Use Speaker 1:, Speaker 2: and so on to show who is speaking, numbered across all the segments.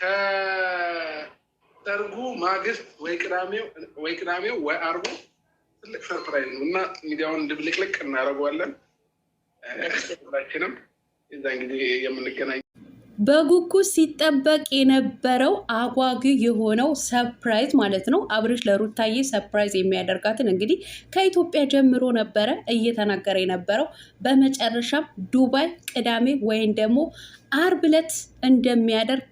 Speaker 1: ከሰርጉ ማግስት ወይ ቅዳሜው ወይ አርቡ ትልቅ ሰርፕራይዝ ነው እና ሚዲያውን ድብልቅልቅ እናደርገዋለን። ሁላችንም የዛን ጊዜ የምንገናኝ
Speaker 2: በጉኩ ሲጠበቅ የነበረው አጓጊ የሆነው ሰርፕራይዝ ማለት ነው። አብርሽ ለሩታዬ ሰርፕራይዝ የሚያደርጋትን እንግዲህ ከኢትዮጵያ ጀምሮ ነበረ እየተናገረ የነበረው። በመጨረሻም ዱባይ ቅዳሜ ወይም ደግሞ አርብ ዕለት እንደሚያደርግ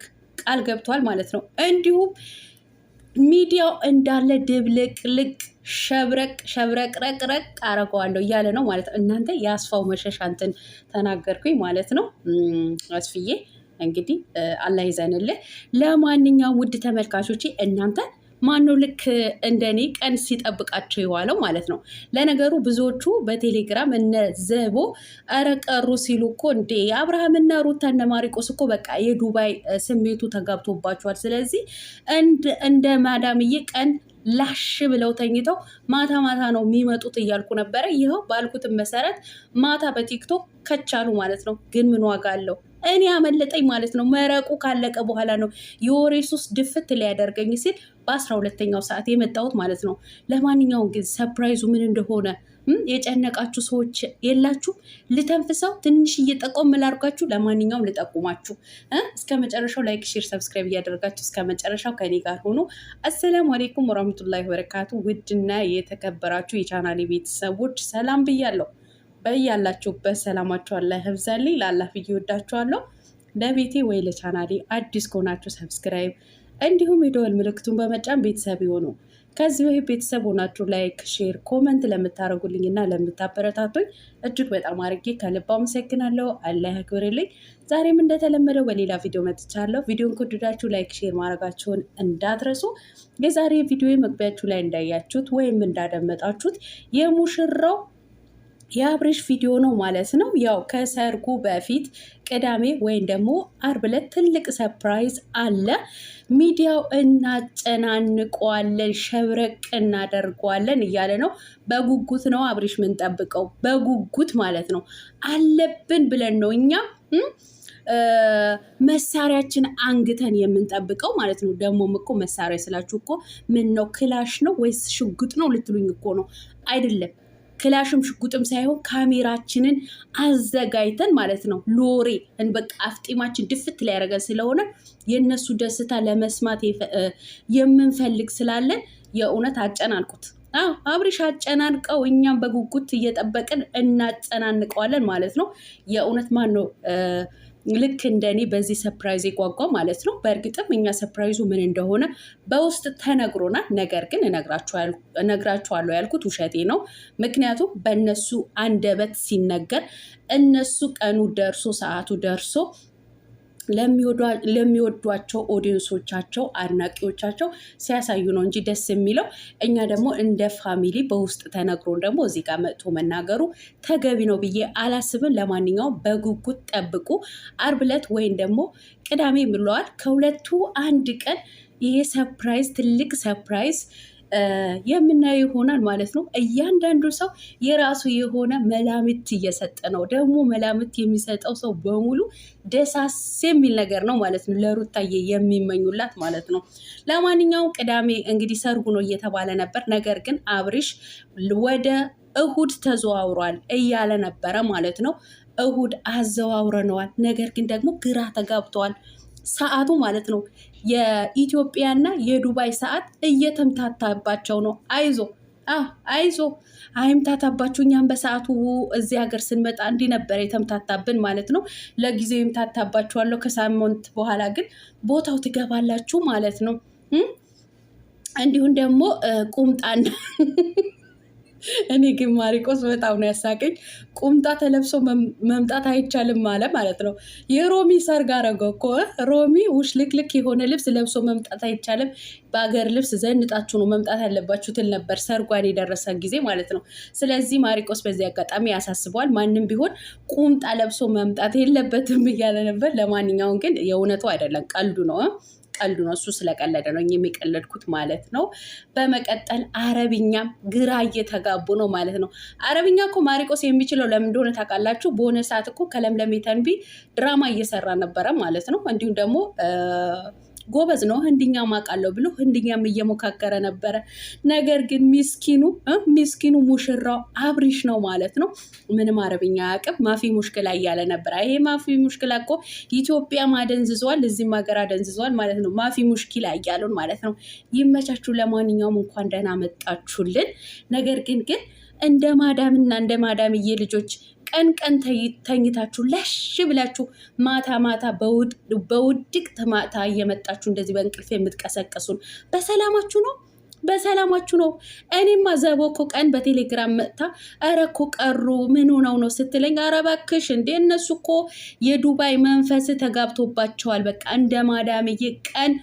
Speaker 2: ቃል ገብቷል ማለት ነው። እንዲሁም ሚዲያው እንዳለ ድብልቅልቅ ሸብረቅ ሸብረቅ ረቅረቅ አረገዋለሁ እያለ ነው ማለት ነው። እናንተ የአስፋው መሸሻ እንትን ተናገርኩኝ ማለት ነው አስፍዬ እንግዲህ አላህ ይዘንልህ። ለማንኛውም ውድ ተመልካቾች እናንተ ማነው ልክ እንደኔ ቀን ሲጠብቃቸው የዋለው ማለት ነው። ለነገሩ ብዙዎቹ በቴሌግራም እነ ዘቦ ረቀሩ ቀሩ ሲሉ እኮ እንዴ አብርሃምና ሩታ እነ ማሪቆስ እኮ በቃ የዱባይ ስሜቱ ተጋብቶባቸዋል። ስለዚህ እንደ ማዳምዬ ቀን ላሽ ብለው ተኝተው ማታ ማታ ነው የሚመጡት እያልኩ ነበረ። ይኸው ባልኩትን መሰረት ማታ በቲክቶክ ከቻሉ ማለት ነው። ግን ምን ዋጋ አለው? እኔ አመለጠኝ ማለት ነው። መረቁ ካለቀ በኋላ ነው የወሬ ሱስ ድፍት ሊያደርገኝ ሲል በአስራ ሁለተኛው ሰዓት የመጣሁት ማለት ነው። ለማንኛውም ግን ሰርፕራይዙ ምን እንደሆነ የጨነቃችሁ ሰዎች የላችሁ? ልተንፍሰው ትንሽ እየጠቆም ላርጋችሁ። ለማንኛውም ልጠቁማችሁ እስከ መጨረሻው ላይክ፣ ሼር፣ ሰብስክራይብ እያደረጋችሁ እስከ መጨረሻው ከኔ ጋር ሆኖ አሰላሙ አሌይኩም ወራህመቱላሂ ወበረካቱ። ውድና የተከበራችሁ የቻናሌ ቤተሰቦች ሰላም ብያለሁ። በያላችሁበት ሰላማችሁ አላህ ይብዛልኝ። ለአላህ ብዬ ወዳችኋለሁ። ለቤቴ ወይ ለቻናሌ አዲስ ከሆናችሁ ሰብስክራይብ እንዲሁም የደወል ምልክቱን በመጫን ቤተሰብ የሆነው ከዚህ በፊት ቤተሰብ ሆናችሁ ላይክ፣ ሼር፣ ኮመንት ለምታደርጉልኝ እና ለምታበረታቱኝ እጅግ በጣም አድርጌ ከልብ አመሰግናለሁ። አላህ ያክብርልኝ። ዛሬም እንደተለመደው በሌላ ቪዲዮ መጥቻለሁ። ቪዲዮን ከወደዳችሁ ላይክ፣ ሼር ማድረጋችሁን እንዳትረሱ። የዛሬ ቪዲዮ መግቢያችሁ ላይ እንዳያችሁት ወይም እንዳደመጣችሁት የሙሽራው የአብርሽ ቪዲዮ ነው ማለት ነው። ያው ከሰርጉ በፊት ቅዳሜ ወይም ደግሞ አርብ ዕለት ትልቅ ሰርፕራይዝ አለ። ሚዲያው እናጨናንቀዋለን፣ ሸብረቅ እናደርገዋለን እያለ ነው። በጉጉት ነው አብርሽ የምንጠብቀው፣ በጉጉት ማለት ነው። አለብን ብለን ነው እኛ መሳሪያችን አንግተን የምንጠብቀው ማለት ነው። ደግሞም እኮ መሳሪያ ስላችሁ እኮ ምን ነው ክላሽ ነው ወይስ ሽጉጥ ነው ልትሉኝ እኮ ነው አይደለም ክላሽም ሽጉጥም ሳይሆን ካሜራችንን አዘጋጅተን ማለት ነው ሎሬ በቃ አፍጢማችን ድፍት ሊያደርገን ስለሆነ የእነሱ ደስታ ለመስማት የምንፈልግ ስላለን የእውነት አጨናንቁት። አዎ አብሪሽ አጨናንቀው፣ እኛም በጉጉት እየጠበቅን እናጨናንቀዋለን ማለት ነው። የእውነት ማን ነው ልክ እንደኔ በዚህ ሰፕራይዝ የጓጓ ማለት ነው። በእርግጥም እኛ ሰፕራይዙ ምን እንደሆነ በውስጥ ተነግሮናል። ነገር ግን እነግራችኋለሁ ያልኩት ውሸቴ ነው። ምክንያቱም በእነሱ አንደበት ሲነገር እነሱ ቀኑ ደርሶ ሰዓቱ ደርሶ ለሚወዷቸው ኦዲየንሶቻቸው አድናቂዎቻቸው ሲያሳዩ ነው እንጂ ደስ የሚለው። እኛ ደግሞ እንደ ፋሚሊ በውስጥ ተነግሮን ደግሞ እዚህ ጋር መጥቶ መናገሩ ተገቢ ነው ብዬ አላስብም። ለማንኛውም በጉጉት ጠብቁ። አርብ ዕለት ወይም ደግሞ ቅዳሜ ምለዋል ከሁለቱ አንድ ቀን ይሄ ሰርፕራይዝ ትልቅ ሰርፕራይዝ የምናየው ይሆናል ማለት ነው። እያንዳንዱ ሰው የራሱ የሆነ መላምት እየሰጠ ነው። ደግሞ መላምት የሚሰጠው ሰው በሙሉ ደሳስ የሚል ነገር ነው ማለት ነው። ለሩታዬ የሚመኙላት ማለት ነው። ለማንኛውም ቅዳሜ እንግዲህ ሰርጉ ነው እየተባለ ነበር። ነገር ግን አብሪሽ ወደ እሁድ ተዘዋውሯል እያለ ነበረ ማለት ነው። እሁድ አዘዋውረነዋል። ነገር ግን ደግሞ ግራ ተጋብተዋል። ሰዓቱ ማለት ነው የኢትዮጵያና የዱባይ ሰዓት እየተምታታባቸው ነው። አይዞ አይዞ አይምታታባችሁ። እኛም በሰዓቱ እዚህ ሀገር ስንመጣ እንዲህ ነበር የተምታታብን ማለት ነው። ለጊዜው ይምታታባችኋለሁ። ከሳምንት በኋላ ግን ቦታው ትገባላችሁ ማለት ነው። እንዲሁም ደግሞ ቁምጣና እኔ ግን ማሪቆስ በጣም ነው ያሳቀኝ። ቁምጣ ተለብሶ መምጣት አይቻልም አለ ማለት ነው። የሮሚ ሰርግ አረገው እኮ ሮሚ ውሽ ልክልክ የሆነ ልብስ ለብሶ መምጣት አይቻልም፣ በአገር ልብስ ዘንጣችሁ ነው መምጣት ያለባችሁ ትል ነበር፣ ሰርጓን የደረሰ ጊዜ ማለት ነው። ስለዚህ ማሪቆስ በዚህ አጋጣሚ ያሳስበዋል። ማንም ቢሆን ቁምጣ ለብሶ መምጣት የለበትም እያለ ነበር። ለማንኛውም ግን የእውነቱ አይደለም ቀልዱ ነው። ቀልዱ ነው። እሱ ስለቀለደ ነው የሚቀለድኩት ማለት ነው። በመቀጠል አረብኛም ግራ እየተጋቡ ነው ማለት ነው። አረብኛ እኮ ማሪቆስ የሚችለው ለምን እንደሆነ ታውቃላችሁ? በሆነ ሰዓት እኮ ከለምለሜ ተንቢ ድራማ እየሰራ ነበረ ማለት ነው። እንዲሁም ደግሞ ጎበዝ ነው ህንድኛ ማቃለው ብሎ ህንድኛም እየሞካከረ ነበረ። ነገር ግን ሚስኪኑ ሚስኪኑ ሙሽራው አብሪሽ ነው ማለት ነው። ምንም አረብኛ አያውቅም። ማፊ ሙሽክላ እያለ ነበረ። ይሄ ማፊ ሙሽክላ እኮ ኢትዮጵያም አደንዝዟል፣ እዚህም ሀገር አደንዝዟል ማለት ነው። ማፊ ሙሽኪላ እያሉን ማለት ነው። ይመቻችሁ። ለማንኛውም እንኳን ደህና መጣችሁልን። ነገር ግን ግን እንደ ማዳምና እንደ ማዳምዬ ልጆች ቀን ቀን ተኝታችሁ ለሽ ብላችሁ ማታ ማታ በውድቅት ማታ እየመጣችሁ እንደዚህ በእንቅልፍ የምትቀሰቀሱን በሰላማችሁ ነው በሰላማችሁ ነው። እኔማ ዘቦ እኮ ቀን በቴሌግራም መጥታ ኧረ እኮ ቀሩ ምን ሆነው ነው ስትለኝ፣ ኧረ እባክሽ እንዴ እነሱ እኮ የዱባይ መንፈስ ተጋብቶባቸዋል። በቃ እንደ ማዳምዬ ቀን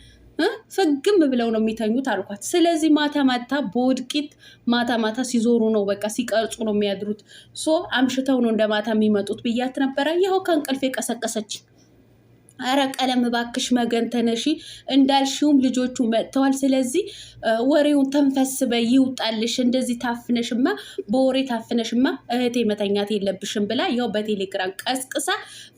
Speaker 2: ፍግም ብለው ነው የሚተኙት አልኳት። ስለዚህ ማታ ማታ በወድቂት ማታ ማታ ሲዞሩ ነው በቃ ሲቀርጹ ነው የሚያድሩት። ሶ አምሽተው ነው እንደ ማታ የሚመጡት ብያት ነበረ። ይኸው ከእንቅልፍ የቀሰቀሰች አረ ቀለም እባክሽ መገን ተነሺ፣ እንዳልሽውም ልጆቹ መጥተዋል። ስለዚህ ወሬውን ተንፈስበ ይውጣልሽ። እንደዚህ ታፍነሽማ በወሬ ታፍነሽማ እህቴ መተኛት የለብሽም ብላ ያው በቴሌግራም ቀስቅሳ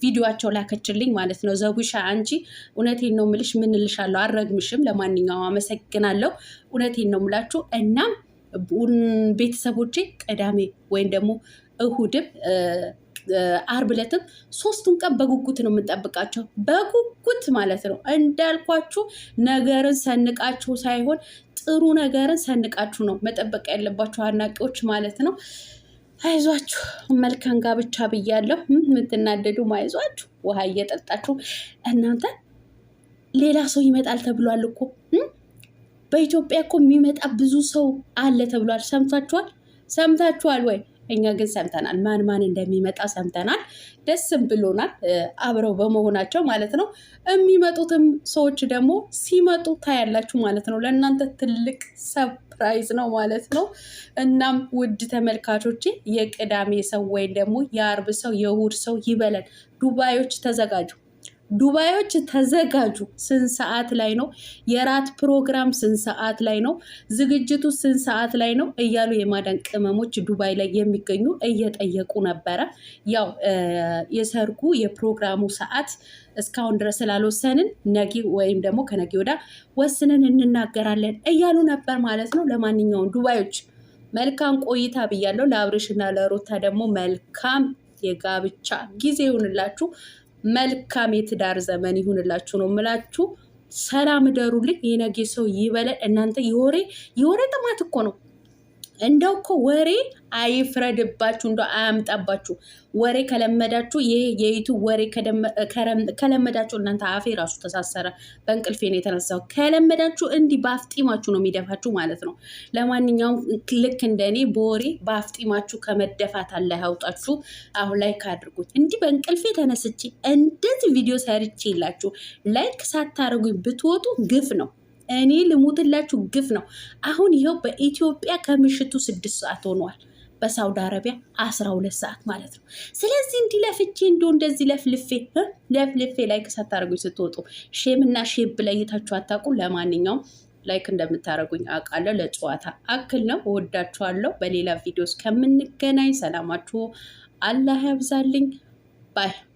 Speaker 2: ቪዲዮቸው ላከችልኝ ማለት ነው። ዘቡሻ አንቺ እውነቴን ነው ምልሽ፣ ምንልሻለሁ፣ አረግምሽም። ለማንኛውም አመሰግናለሁ። እውነቴን ነው ምላችሁ። እናም ቤተሰቦቼ ቅዳሜ ወይም ደግሞ እሁድም አርብ ዕለትም ሶስቱን ቀን በጉጉት ነው የምንጠብቃቸው፣ በጉጉት ማለት ነው። እንዳልኳችሁ ነገርን ሰንቃችሁ ሳይሆን ጥሩ ነገርን ሰንቃችሁ ነው መጠበቅ ያለባችሁ አድናቂዎች ማለት ነው። አይዟችሁ መልካም ጋብቻ ብያለሁ። የምትናደዱ አይዟችሁ፣ ውሃ እየጠጣችሁ እናንተ ሌላ ሰው ይመጣል ተብሏል እኮ በኢትዮጵያ እኮ የሚመጣ ብዙ ሰው አለ ተብሏል። ሰምታችኋል? ሰምታችኋል ወይ? እኛ ግን ሰምተናል፣ ማን ማን እንደሚመጣ ሰምተናል። ደስም ብሎናል፣ አብረው በመሆናቸው ማለት ነው። የሚመጡትም ሰዎች ደግሞ ሲመጡ ታያላችሁ ማለት ነው። ለእናንተ ትልቅ ሰፕራይዝ ነው ማለት ነው። እናም ውድ ተመልካቾች የቅዳሜ ሰው ወይም ደግሞ የአርብ ሰው የእሑድ ሰው ይበለን። ዱባዮች ተዘጋጁ። ዱባዮች ተዘጋጁ። ስንት ሰዓት ላይ ነው የራት ፕሮግራም? ስንት ሰዓት ላይ ነው ዝግጅቱ? ስንት ሰዓት ላይ ነው እያሉ የማዳን ቅመሞች ዱባይ ላይ የሚገኙ እየጠየቁ ነበረ። ያው የሰርጉ የፕሮግራሙ ሰዓት እስካሁን ድረስ ስላልወሰንን ነጊ ወይም ደግሞ ከነጊ ወዳ ወስንን እንናገራለን እያሉ ነበር ማለት ነው። ለማንኛውም ዱባዮች መልካም ቆይታ ብያለሁ። ለአብሬሽና ለሩታ ደግሞ መልካም የጋብቻ ጊዜ ይሁንላችሁ። መልካም የትዳር ዘመን ይሁንላችሁ ነው ምላችሁ ሰላም ደሩልኝ። የነገ ሰው ይበለን። እናንተ የወሬ የወሬ ጥማት እኮ ነው። እንደው እኮ ወሬ አይፍረድባችሁ፣ እንደው አያምጣባችሁ። ወሬ ከለመዳችሁ ይሄ የይቱ ወሬ ከለመዳችሁ እናንተ አፌ ራሱ ተሳሰረ፣ በእንቅልፌን የተነሳው ከለመዳችሁ፣ እንዲህ በአፍጢማችሁ ነው የሚደፋችሁ ማለት ነው። ለማንኛውም ልክ እንደኔ በወሬ በአፍጢማችሁ ከመደፋት አለ ያውጣችሁ። አሁን ላይ ካድርጉት እንዲህ በእንቅልፌ ተነስቼ እንደዚህ ቪዲዮ ሰርቼ የላችሁ ላይክ ሳታደርጉኝ ብትወጡ ግፍ ነው። እኔ ልሙትላችሁ ግፍ ነው። አሁን ይኸው በኢትዮጵያ ከምሽቱ ስድስት ሰዓት ሆኗል። በሳውዲ አረቢያ አስራ ሁለት ሰዓት ማለት ነው። ስለዚህ እንዲህ ለፍቼ እንዲሁ እንደዚህ ለፍልፌ ለፍልፌ ላይክ ሳታደርጉኝ ስትወጡ ሼም እና ሼብ ለይታችሁ አታውቁ። ለማንኛውም ላይክ እንደምታደርጉኝ አውቃለሁ። ለጨዋታ አክል ነው። እወዳችኋለሁ። በሌላ ቪዲዮ እስከምንገናኝ ሰላማችሁ አላህ ያብዛልኝ ባይ